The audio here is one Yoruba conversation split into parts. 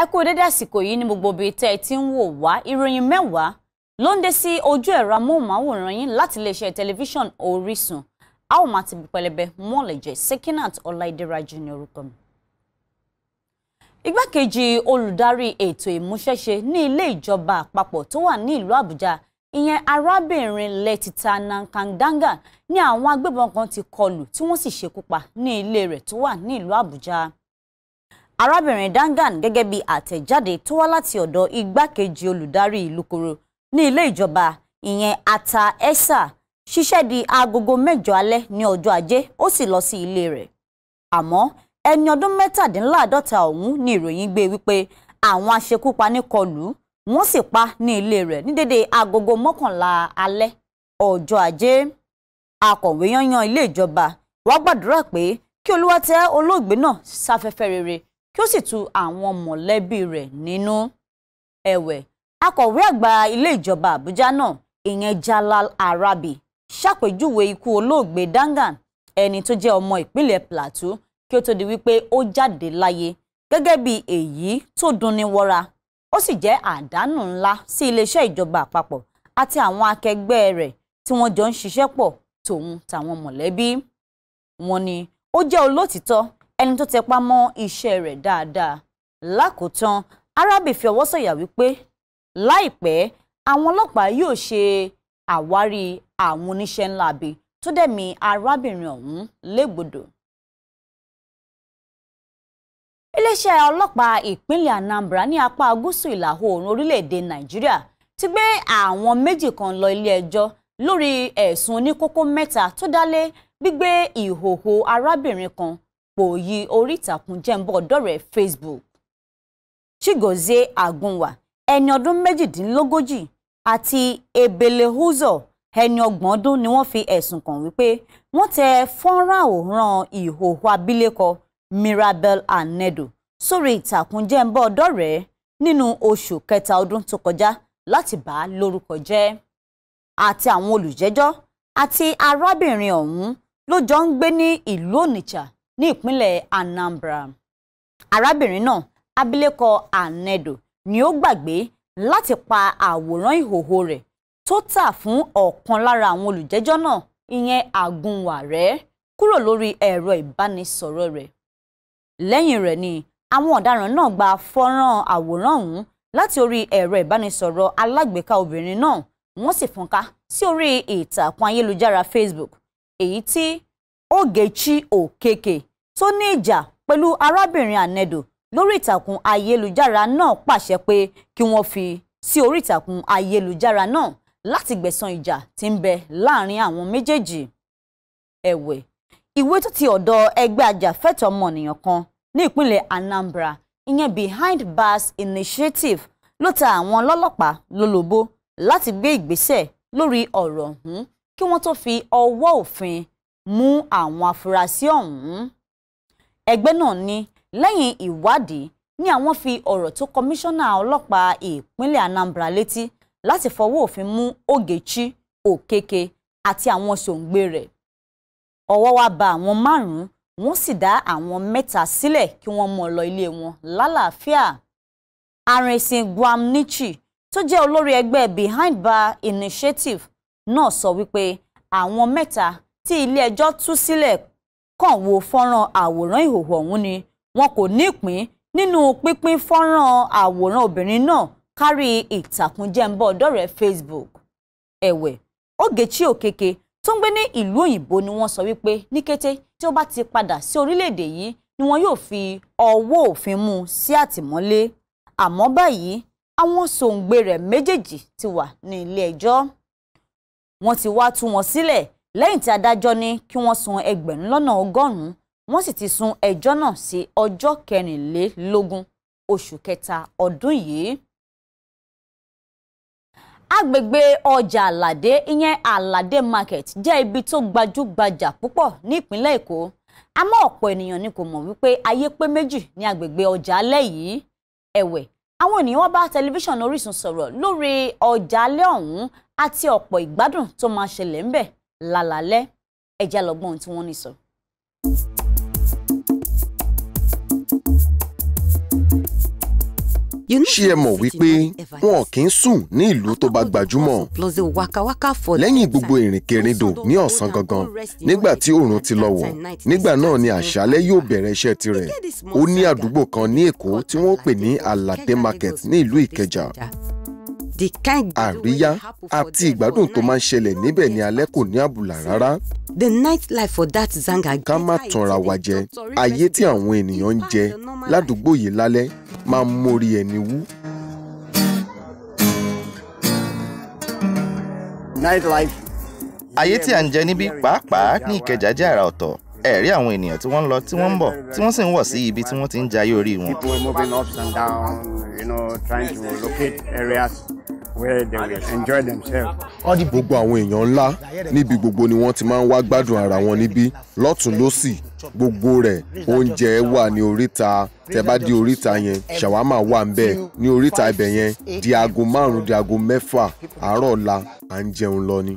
ẹ kú dédé àsìkò yìí ní gbogbo ibi tẹ́ ẹ ti ń wò wá ìròyìn mẹ́wàá ló ń dé sí ojú ẹ̀rọ amóhùnmáwòrán yín láti iléeṣẹ́ tẹlifíṣàn Orísun a ó máa ti bí pẹlẹbẹ mọ́ọ̀lẹ̀jẹ̀ Sekinat Ọláìdẹ́rajì ní orúkọ mi. igbákejì olùdarí ètò ìmúṣẹ́ṣe ní ilé ìjọba àpapọ̀ tó wà ní ìlú Àbújá ìyẹn arábìnrin Letitia Nankandanga ní àwọn agbébọn kan ti kọlù tí wọ́n sì ṣekú pa ní ilé rẹ̀ tó wà ní ìlú Àbújá arábìnrin Dangan gẹ́gẹ́ bí àtẹ̀jáde tó wá láti ọ̀dọ̀ igbákejì olùdarí Lukoro ní ilé ìjọba ìyẹn Ata Esa ṣiṣẹ́ di agogo mẹ́jọ alẹ́ ní ọjọ́ ajé ó sì lọ sí ilé rẹ̀ àmọ́ ẹni ọdún mẹ́tàdínláàdọ́ta ọ̀hún ni ìròyìn gbé wípé àwọn aṣekúpani kọlù wọ́n sì pa ní ilé rẹ̀ ní dédé agogo mọ́kànlá alẹ́ ọjọ́ ajé akọ̀wé yanyan ilé ìjọba wàá gbàdúrà pé kí olúwa tẹ́ olóògbé náà sáfẹ́fẹ́ rere kí ó sì tu àwọn mọ̀lẹ́bí rẹ̀ nínú. ẹ̀wẹ̀ akọ̀wé àgbà ilé ìjọba àbújá náà ìyẹn Jalal Arabi ṣàpèjúwe ikú olóògbé Dangan ẹni tó jẹ́ ọmọ ìpínlẹ̀ Plateau kí ó tó di wípé ó jáde láyé gẹ́gẹ́ bí èyí tó dunni wọ́ra ó sì jẹ́ àdánù ńlá sí iléeṣẹ́ ìjọba àpapọ̀ àti àwọn akẹgbẹ́ rẹ̀ tí wọ́n jọ ń ṣiṣẹ́ pọ̀ tòun tàwọn mọ̀lẹ́bí. wọ́n ní ó jẹ́ olótìtọ́ ẹni tó tẹpá mọ́ iṣẹ́ rẹ̀ dáadáa lákòótán arábì fi ọwọ́ sọ̀yà wípé láìpẹ́ àwọn ọlọ́pàá yóò ṣe àwárí àwọn oníṣẹ́ ńlá abi tó dẹ̀mí arábìnrin ọ̀hún légbodò. iléeṣẹ́ ọlọ́pàá ìpínlẹ̀ Anambra ní apá gúúsù ìlà oòrùn orílẹ̀-èdè Nàìjíríà ti gbé àwọn méjì kan lọ ilé-ẹjọ́ lórí ẹ̀sùn oníkókó mẹ́ta tó dálé gbígbé ìhòòhò arábìnrin kan òòyì orí ìtàkùn jẹ́ńbọ̀ dọ̀rẹ́ Facebook Chigozie Agunwa ẹni ọdún méjìdínlógójì àti Ebele Uzo ẹni ọgbọ̀n ọdún ni wọ́n fi ẹ̀sùn kàn wípé wọ́n tẹ fọ́nrán àwòrán ìhòòhò abilékọ Mirabel Anedo sórí ìtàkùn jẹ́ńbọ̀ dọ̀rẹ́ nínú oṣù kẹta ọdún tó kọjá láti bà á lórúkọ jẹ́ àti àwọn olùjẹ́jọ́ àti arábìnrin ọ̀hún ló jọ ń gbé ní ìlú Onitsha ní ìpínlẹ̀ Anambra arábìnrin náà abilékọ Anedo ni ó gbàgbé láti pa àwòrán ìhòhò rẹ̀ tó tà fún ọ̀kan lára àwọn olùjẹ́jọ́ náà ìyẹn Àgúnwà rẹ̀ kúrò lórí ẹ̀rọ ìbánisọ̀rọ̀ rẹ̀ lẹ́yìn rẹ̀ ni àwọn ọ̀daràn náà gba fọ́nrán àwòrán ọ̀hún láti orí ẹ̀rọ ìbánisọ̀rọ̀ alágbèéká obìnrin náà wọ́n sì fọ́nká sí orí ìtàkùn ayélujára Facebook èyí tí Ogechi Okeke tó ní ìjà pẹ̀lú arábìnrin Ànẹ́dò lórí ìtàkùn ayélujára náà pàṣẹ pé kí wọ́n fi sí orí ìtàkùn ayélujára náà láti gbẹ̀san ìjà tí ń bẹ láàrin àwọn méjèèjì ẹ̀wẹ̀ ìwé tó ti ọ̀dọ̀ ẹgbẹ́ ajàfẹ́tọ̀ ọmọnìyàn kan ní ìpínlẹ̀ Anambra ìyẹn Behind Bars Initiative ló ta àwọn ọlọ́lọ́pàá lólobó láti gbé ìgbésẹ̀ lórí ọ̀rọ̀ ọ̀hún kí wọ́n tó fi ọwọ́ òfin mú àwọn afurasí ọ̀hún ẹgbẹ́ náà ní lẹ́yìn ìwádìí ni àwọn fi ọ̀rọ̀ tó kọmíṣánná ọlọ́pàá ìpínlẹ̀ Anambra létí láti fọwọ́ òfin mú Ogechi Okeke àti àwọn sòǹgbè rẹ̀ ọwọ́ wa bà àwọn márùn-ún wọ́n sì dá àwọn mẹ́ta sílẹ̀ kí wọ́n mọ̀ lọ ilé wọn lálàáfíà Arìnsìn Gwamnichi tó jẹ́ olórí ẹgbẹ́ Behind Bar Initiative náà sọ wípé àwọn mẹ́ta tí ilé ẹjọ́ tú sílẹ̀ kàn wo fọ́nrán àwòrán ìhòòhò ọ̀hún ni wọn kò nípín nínú pínpín fọ́nrán àwòrán obìnrin náà kárí ìtàkùn jẹ́ńbọ́ọ̀dọ́rẹ̀ẹ́ Facebook ẹ̀wẹ̀ Ogechi Okeke tó ń gbé ní ìlú òyìnbó ni wọ́n sọ wípé ní kété tí ó bá ti padà sí orílẹ̀-èdè yìí ni wọn yóò fi ọwọ́ òfin mú un sí àtìmọ́lé àmọ́ báyìí àwọn sòǹgbẹ rẹ̀ méjèèjì ti wà ní ilé ẹjọ́ wọ́n ti wá tú wọn sílẹ̀ lẹ́yìn tí adájọ́ ní kí wọ́n san ẹgbẹ̀rún lọ́nà ọgọ́rùn-ún wọ́n sì ti sún ẹjọ́ náà sí ọjọ́ kẹrìnlélógún oṣù kẹta ọdún yìí. agbègbè ọjà àlàdé ìyẹn àlàdé market jẹ́ ibi tó gbajúgbajà púpọ̀ ní ìpínlẹ̀ èkó àmọ́ ọ̀pọ̀ ènìyàn ni kò mọ̀ wípé ayé pé méjì ní agbègbè ọjà alẹ́ yìí ẹ̀wẹ̀ àwọn ènìyàn wá bá tẹlifíṣàn Orísun sọ̀rọ̀ lórí ọjà alẹ́ ọ̀hún àti ọ̀pọ̀ ìgbádùn tó máa ṣẹlẹ̀ ńbẹ̀ lálálẹ́ ẹja lọ́gbọ́n tí wọ́n ní sọ. ṣé ẹ mọ̀ wípé wọn kì í sùn ní ìlú tó bá gbajúmọ̀ lẹ́yìn gbogbo ìrìnkèrindò ní ọ̀sán gangan nígbà tí oòrùn ti lọ wọ̀ nígbà náà ni àṣálẹ́ yóò bẹ̀rẹ̀ iṣẹ́ tirẹ̀ ó ní àdúgbò kan ní Èkó tí wọ́n pè ní Alade Market ní ìlú Ìkẹjà àríyá àti ìgbádùn tó máa ń ṣẹlẹ̀ níbẹ̀ ní alẹ́ kò ní àbùlà rárá. The night life for that zanga. ká má tanra wa jẹ ayé tí àwọn ènìyàn ń jẹ ládùúgbò yìí lálẹ́ máa ń mórí ẹni wú. night life. ayé tí à ń jẹ níbí pàápàá ní Ìkẹjà jẹ́ àrà ọ̀tọ̀ ẹ̀rí àwọn ènìyàn tí wọ́n ń lọ tí wọ́n ń bọ̀ tí wọ́n sì ń wọ̀ sí ibi tí wọ́n ti ń jayé orí wọn. people moving up and down you know trying to locate areas where they will enjoy themselves. gbogbo àwọn èèyàn ńlá níbi gbogbo ni wọ́n ti máa ń wá gbádùn ara wọn níbí lọ́tún lọ́sì gbogbo rẹ̀ oúnjẹ wà ní oríta tẹ di oríta yẹn ṣàwámà wà ń bẹ ní oríta ibẹ̀ yẹn di aago márùn-ún di aago mẹ́fà àárọ̀ ọ̀la à ń jẹun lọ ni.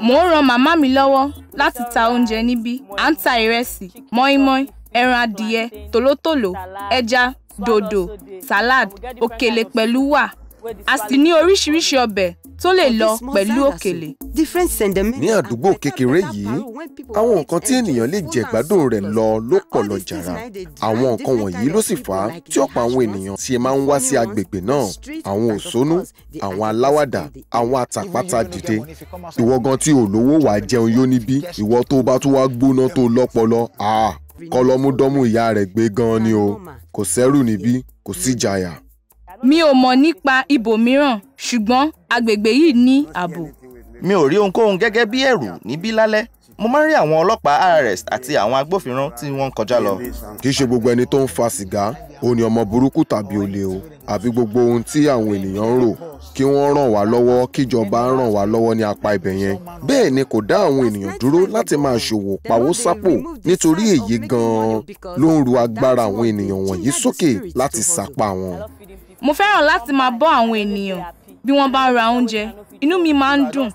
mò ń ran màmá mi lọ́wọ́ láti ta oúnjẹ níbí à ń ta ìrẹsì mọ́ínmọ́ín ẹran adìyẹ tòlótòló ẹja dòdò salad òkèlè pẹ̀lú wà a sì ní oríṣiríṣi ọbẹ̀ tó lè lọ pẹ̀lú òkèlè. ní àdúgbò kékeré yìí àwọn nǹkan tí ènìyàn lè jẹ gbádùn rẹ̀ lọ ló pọ̀ lọ jàrà àwọn nǹkan wọ̀nyí ló sì fà á tí ọ̀pọ̀ àwọn ènìyàn ti máa ń wá sí agbègbè náà àwọn òṣónú àwọn aláwàdà àwọn àtàpátá dìde ìwọ gan tí ò lówó wàá jẹun yó níbí ìwọ tó bá tún wá gbóná tó lọ́pọlọ kọlọmúdọ́mú ìyá rẹ̀ gbé gan ni o kò sẹ́rù níbí kò sí jàyà mi ò mọ̀ nípa ibòmíràn ṣùgbọ́n agbègbè yìí ní ààbò. mi ò rí ohunkóhun gẹ́gẹ́ bí ẹ̀rù níbí lálẹ́ mo máa ń rí àwọn ọlọ́pàá RRS àti àwọn agbófinró tí wọ́n ń kọjá lọ. kì í ṣe gbogbo ẹni tó ń fa sìgá ó ní ọmọ burúkú tàbí olè o àbí gbogbo ohun tí àwọn ènìyàn ń rò kí wọ́n ràn wá lọ́wọ́ kíjọba ràn wá lọ́wọ́ ní apá ibẹ̀ yẹn. bẹ́ẹ̀ ni kò dá àwọn ènìyàn dúró láti máa ṣòwò pawó sápò nítorí èyí gan-an ló ń ru agbára àwọn ènìyàn wọ̀nyí sókè láti sápá wọn mo fẹ́ràn láti máa bọ́ àwọn ènìyàn bí wọ́n bá ń ra oúnjẹ inú mi máa ń dùn.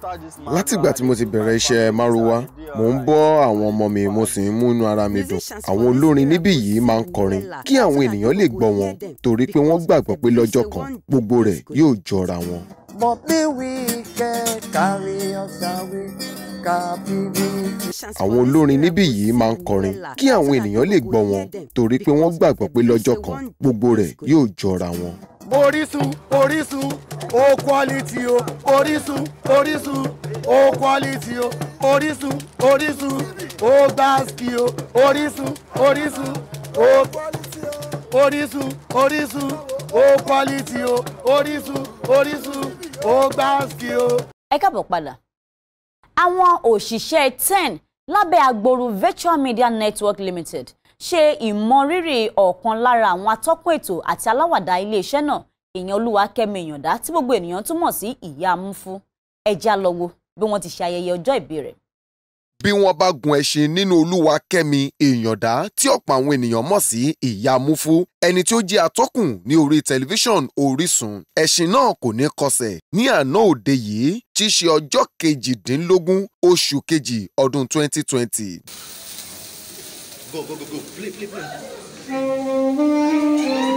látìgbà tí mo ti bẹ̀rẹ̀ iṣẹ́ márúwá mò ń bọ́ àwọn ọmọ mi mo sì ń mú inú ara mi dùn àwọn olórin níbí yìí máa ń kọrin kí àwọn ènìyàn lè gbọ́ wọn torí pé wọ́n gbàgbọ́ pé lọ́jọ́ kan gbogbo rẹ̀ yóò jọra wọn. àwọn olórin níbí yìí máa ń kọrin kí àwọn ènìyàn lè gbọ́ wọn torí pé wọ́n gbàgbọ́ pé lọ́jọ́ kan gbogbo rẹ̀ yóò jọra wọn. Orísun Orísun o quality o Orísun Orísun o quality o Orísun Orísun o gbaski o Orísun Orísun o Orísun Orísun o quality o Orísun Orísun o gbaski o. ẹ káàbọ̀ padà àwọn òṣìṣẹ́ ten lábẹ́ agboru Virtual Media Network Limited ṣe ìmọrírì ọ̀kan lára àwọn atọ́kùn ètò àti aláwàdà iléeṣẹ́ náà èèyàn Olúwakẹ́mi Ìyàndá tí gbogbo ènìyàn túmọ̀ sí ìyá amúfú ẹja lọ wo bí wọ́n ti ṣe ayẹyẹ ọjọ́ ìbí rẹ̀. bí wọ́n bá gun ẹṣin nínú Olúwakẹ́mi Ìyàndá tí ọ̀pọ̀ àwọn ènìyàn mọ̀ sí ìyá amúfú ẹni tí ó jẹ́ atọ́kùn ní orí tẹlifíṣàn Orísun ẹṣin náà kò ní kọsẹ̀ ní àná òde yìí tí í ṣe ọjọ́ kejìdínlógún oṣù kejì ọdún 2020 go, go, go, go. Flip, flip, flip.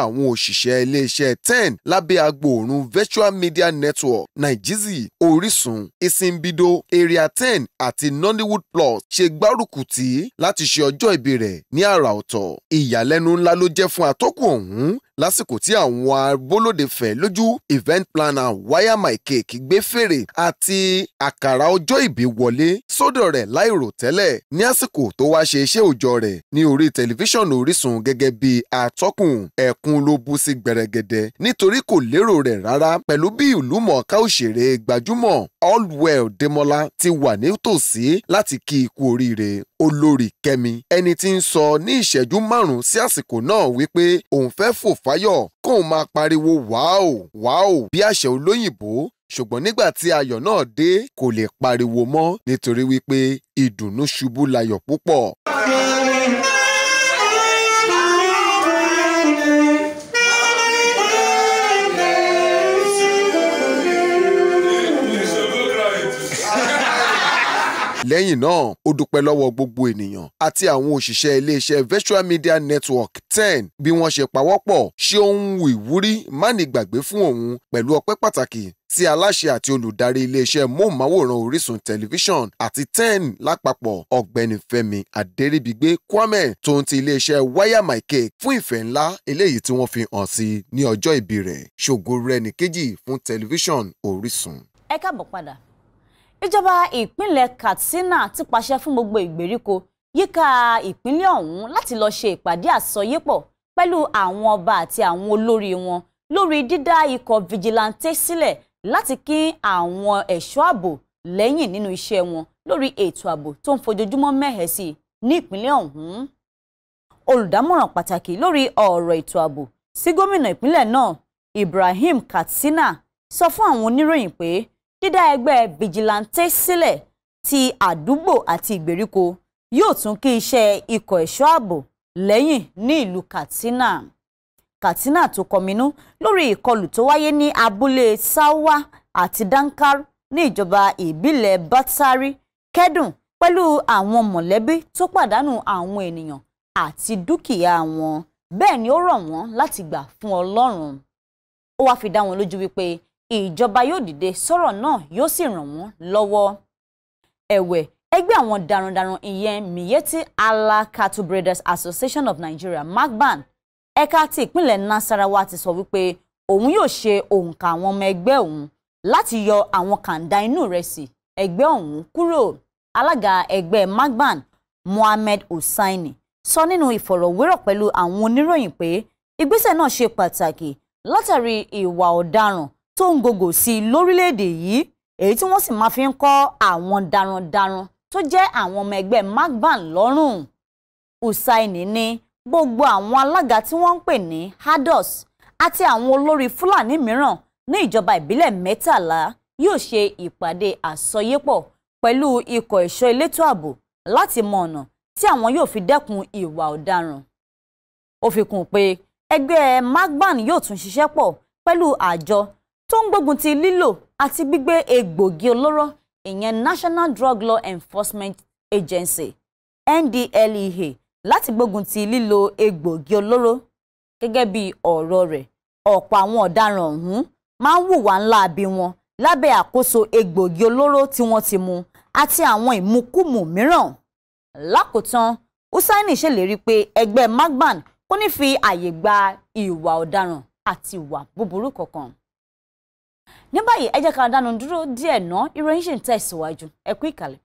àwọn òṣìṣẹ́ iléeṣẹ́ ten lábẹ́ agbòòrùn virtual media network nigezie orísun isimbido area ten àti nollywood plus ṣe gbárùkù tì láti ṣe ọjọ́ ìbí rẹ̀ ní àrà ọ̀tọ̀ ìyàlẹ́nu ńlá ló jẹ́ fún atọ́kùn ọ̀hún lásìkò tí àwọn agbólóde fẹ̀ lójú event planner wire my cake gbé fèrè àti àkàrà ọjọ́ ìbí wọlé sọ́dọ̀ rẹ̀ láìrò tẹ́lẹ̀ ní àsìkò tó wá ṣe iṣẹ́ òòjọ́ rẹ̀ ní orí tẹlifíṣàn Orísun gẹ́gẹ́ bí atọ́kùn ẹkún ló bú sí gbẹ̀rẹ̀gẹ̀dẹ̀ nítorí kò lérò rẹ̀ rárá pẹ̀lú bí ìlú mọ̀ọ́ká òṣèré gbajúmọ̀ Allwell Demola ti wà nítòsí láti kí ikú oríire olórí Kẹ́mi ẹni tí ń sọ ní ìṣẹ́jú márùn-ún sí àsìkò náà wípé òun fẹ́ fò fáyọ̀ kóun máa pariwo wáò wáò bí àṣẹ olóyìnbó ṣùgbọ́n nígbà tí ayọ̀ náà dé kò lè pariwo mọ́ nítorí wípé ìdùnnú ṣubú layọ̀ púpọ̀. lẹ́yìn náà ó dúpẹ́ lọ́wọ́ gbogbo ènìyàn àti àwọn òṣìṣẹ́ iléeṣẹ́ virtual media network ten bí wọ́n ṣe pawọ́pọ̀ ṣe ohun ìwúrí mánigbàgbé fún òun pẹ̀lú ọpẹ́ pàtàkì tí aláṣẹ àti olùdarí iléeṣẹ́ móhùnmáwòrán Orísun tẹlifíṣọ̀n àti ten lápapọ̀ ọ̀gbẹ́ni Fẹ́mi Adéríbigbé Kwame tó ń ti iléeṣẹ́ wáyà my cake fún ìfẹ́ ńlá eléyìí tí wọ́n fi hàn sí ní ọjọ́ ìbí rẹ̀ ṣògo rẹ̀ nìkejì fún tẹlifíṣọ̀n Orísun. ẹ káàbọ̀ padà ìjọba ìpínlẹ̀ Katsina ti pàṣẹ fún gbogbo ìgbèríko yíká ìpínlẹ̀ ọ̀hún láti lọ ṣe ìpàdé àsọyépọ̀ pẹ̀lú àwọn ọba àti àwọn olórí wọn lórí dídá ikọ̀ fìjìláńtẹ sílẹ̀ láti kí àwọn ẹ̀ṣọ́ ààbò lẹ́yìn nínú iṣẹ́ wọn lórí ètò ààbò tó ń fojoojúmọ́ mẹ́hẹ̀ sí ní ìpínlẹ̀ ọ̀hún olùdámọ̀ràn pàtàkì lórí ọ̀rọ̀ ètò ààbò sí gómìnà ìpínlẹ̀ náà Ibrahim Katsina sọ fún àwọn oníròyìn pé dídá ẹgbẹ́ fìjìláńtẹ́ sílẹ̀ ti àdúgbò àti ìgbèríko yóò tún kí iṣẹ́ ikọ̀ ẹ̀ṣọ́ ààbò lẹ́yìn ní ìlú Katsina Katsina tó kọminú lórí ìkọlù tó wáyé ní abúlé Sawa àti Dankar ní ìjọba ìbílẹ̀ Batari kẹ́dùn pẹ̀lú àwọn mọ̀lẹ́bí tó pàdánù àwọn ènìyàn àti dúkìá wọn bẹ́ẹ̀ ni ó rọ̀ wọ́n láti gbà fún Ọlọ́run ó wáá fi dá wọn lójú wípé ìjọba yóò dìde sọ̀rọ̀ náà yóò sì ràn wọ́n lọ́wọ́ ẹ̀wẹ̀ ẹgbẹ́ àwọn darandaran ìyẹn Miyetti Allah Cattle Breeders Association of Nigeria MACBAN ẹ̀ka ti ìpínlẹ̀ Nasarawa ti sọ wípé òun yóò ṣe òǹkà àwọn ọmọ ẹgbẹ́ òun láti yọ àwọn kàńdá inú ìrẹsì ẹgbẹ́ ọ̀hún kúrò alága ẹgbẹ́ MACBAN Mohammed Hussaini sọ nínú ìfọ̀rọ̀wérọ̀ pẹ̀lú àwọn oníròyìn pé ìgbésẹ̀ náà ṣe pàtàkì látàrí ìwà ọ̀daràn tó ń gògò sí i lórílẹ̀‐èdè yìí èyí tí wọ́n sì máa fi ń kọ́ àwọn darandaran tó jẹ́ àwọn ọmọ ẹgbẹ́ magban lọ́rùn Hùsáìnì ní gbogbo àwọn alága tí wọ́n ń pè ní hados àti àwọn olórí Fúlàní mìíràn ní ìjọba ìbílẹ̀ mẹ́tàlá yóò ṣe ìpàdé àsọyépọ̀ pẹ̀lú ikọ̀ ẹ̀ṣọ́ elétò ààbò láti mọ ọ̀nà tí àwọn yóò fi dẹ́kun ìwà ọ̀daràn. ó fi kún un pé ẹgbẹ́ magban yóò tún ṣiṣẹ́ pọ̀ pẹ̀lú àjọ tó ń gbógun ti lílò àti gbígbé egbògi olóró ìyẹn National Drug Law Enforcement Agency NDLEA láti gbógun ti lílò egbògi olóró gẹ́gẹ́ bí ọ̀rọ̀ rẹ̀ ọ̀pọ̀ àwọn ọ̀daràn ọ̀hún máa ń hùwà ńlá bí wọn lábẹ́ àkóso egbògi olóró tí wọ́n ti mu àti àwọn ìmukúmu mìíràn lákòótán Húsáínì ṣèlérí pé ẹgbẹ́ Magban kò ní fi àyè gba ìwà ọ̀daràn àti ìwà búburú kankan ní báyìí ẹ jẹ́ ká dánu dúró díẹ̀ ná ìròyìn ṣì ń tẹ̀síwájú ẹ kú ìkàlẹ̀.